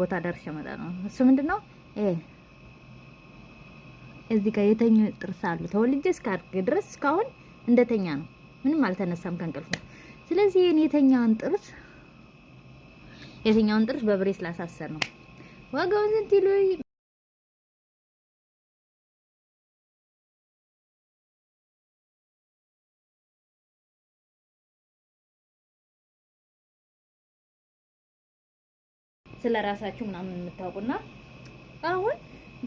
ቦታ ደርሼ ነው። እሱ ምንድነው ይሄ እዚህ ጋር የተኙ ጥርስ አሉ። ተወልጄ እስካድግ ድረስ እስካሁን እንደተኛ ነው፣ ምንም አልተነሳም ከእንቅልፉ። ስለዚህ ይሄን የተኛውን ጥርስ የተኛውን ጥርስ በብሬስ ላሳሰር ነው ዋጋውን ስንት ይሉኝ ስለ ራሳችሁ ምናምን የምታውቁና አሁን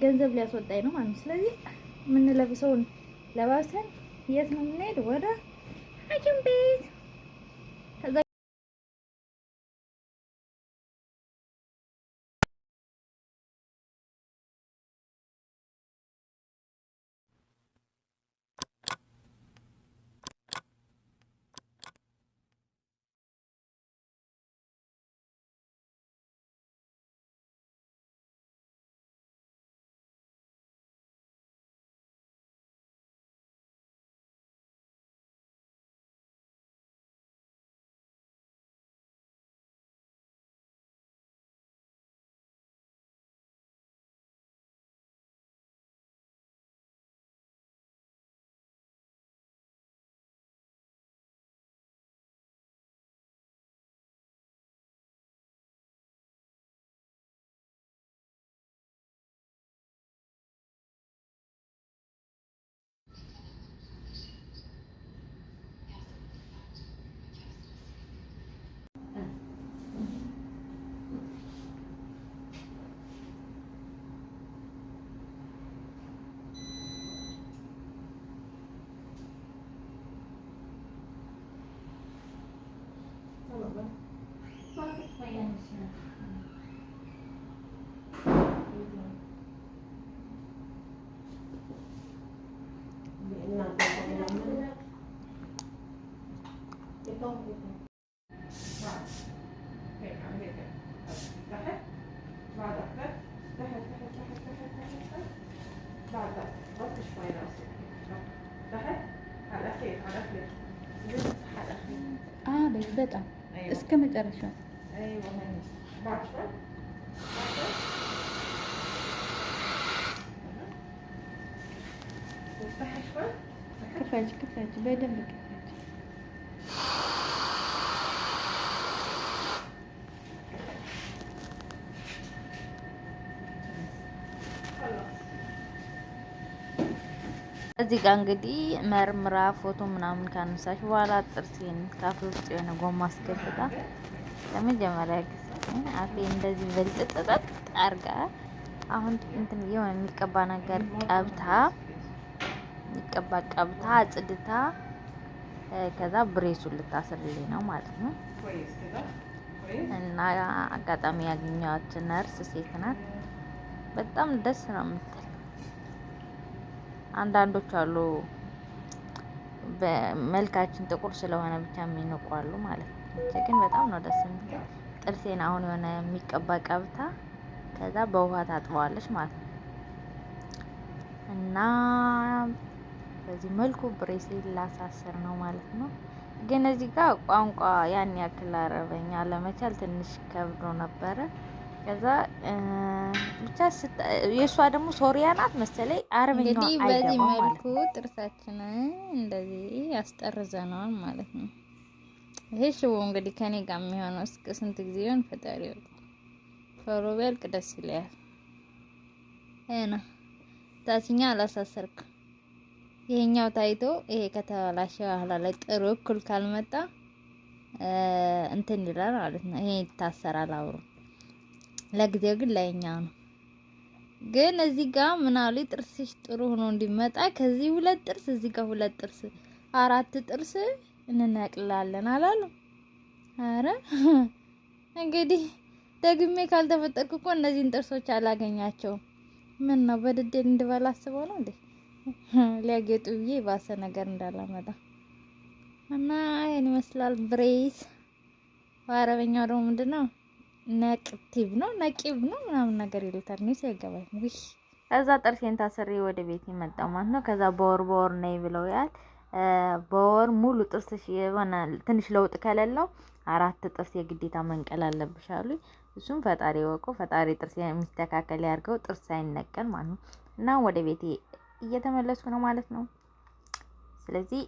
ገንዘብ ሊያስወጣኝ ነው ማለት ነው። ስለዚህ የምንለብሰውን ለባሰን የት ነው የምንሄድ? ወደ ሐኪም ቤት ไม่ต้องพูด بعد هيك عم هيك تحت بعد شوي بعد شوي افتحي شوي كفاك كفاك بيدمك እዚህ ጋር እንግዲህ መርምራ ፎቶ ምናምን ካነሳሽ በኋላ ጥርሴን ካፍ ውስጥ የሆነ ጎማ አስገብታ ለመጀመሪያ ጊዜ አፌ እንደዚህ በልጥ በልጥጥጥጥ አርጋ አሁን እንትን የሆነ የሚቀባ ነገር ቀብታ የሚቀባ ቀብታ አጽድታ ከዛ ብሬሱ ልታስርልኝ ነው ማለት ነው። እና አጋጣሚ ያገኘኋት ነርስ ሴት ናት። በጣም ደስ ነው የምትል አንዳንዶች አሉ በመልካችን ጥቁር ስለሆነ ብቻ የሚንቋሉ ማለት ነው። ግን በጣም ነው ደስ የሚለው። ጥርሴን አሁን የሆነ የሚቀባ ቀብታ ከዛ በውሃ ታጥበዋለች ማለት ነው እና በዚህ መልኩ ብሬስሌት ላሳስር ነው ማለት ነው። ግን እዚህ ጋር ቋንቋ ያን ያክል አረበኛ ለመቻል ትንሽ ከብዶ ነበረ። ከዛ ብቻ የእሷ ደግሞ ሶሪያ ናት መሰለኝ። አረብኛ እንግዲህ በዚህ መልኩ ጥርሳችንን እንደዚህ ያስጠርዘነዋል ማለት ነው። ይሄ ሽቦ እንግዲህ ከኔ ጋር የሚሆነው እስከ ስንት ጊዜ ይሆን? ፈጣሪ ወቅ ቶሎ ቢያልቅ ደስ ይለያል። ይህነ ታችኛ አላሳሰርክ ይሄኛው ታይቶ ይሄ ከተበላሸ ባህላ ላይ ጥሩ እኩል ካልመጣ እንትን ይላል ማለት ነው። ይሄ ይታሰራል አብሮ ለጊዜው ግን ላይኛ ነው። ግን እዚህ ጋር ምናሉ ጥርስሽ ጥሩ ሆኖ እንዲመጣ ከዚህ ሁለት ጥርስ እዚህ ጋር ሁለት ጥርስ አራት ጥርስ እንነቅላለን አላሉ። አረ እንግዲህ ደግሜ ካልተፈጠርኩ እኮ እነዚህን ጥርሶች አላገኛቸውም። ምን ነው በድዴል እንድበላ አስበው ነው እንዴ? ሊያጌጡ ብዬ የባሰ ነገር እንዳላመጣ እና ይህን ይመስላል ብሬስ። በአረበኛው ደግሞ ምንድን ነው? ነቅቲቭ ነው ነቂቭ ነው ምናምን ነገር ይሉታል። እኔ ሳይገባኝ ውይ ከዛ ጥርሴን ታስሬ ወደ ቤት የመጣው ማለት ነው። ከዛ በወር በወር ነይ ብለው ያል በወር ሙሉ ጥርስሽ የሆነ ትንሽ ለውጥ ከሌለው አራት ጥርስ የግዴታ መንቀል አለብሽ አሉኝ። እሱም ፈጣሪ ወቆ ፈጣሪ ጥርስ የሚስተካከል ያድርገው ጥርስ አይነቀል ማለት ነው። እና ወደ ቤቴ እየተመለስኩ ነው ማለት ነው። ስለዚህ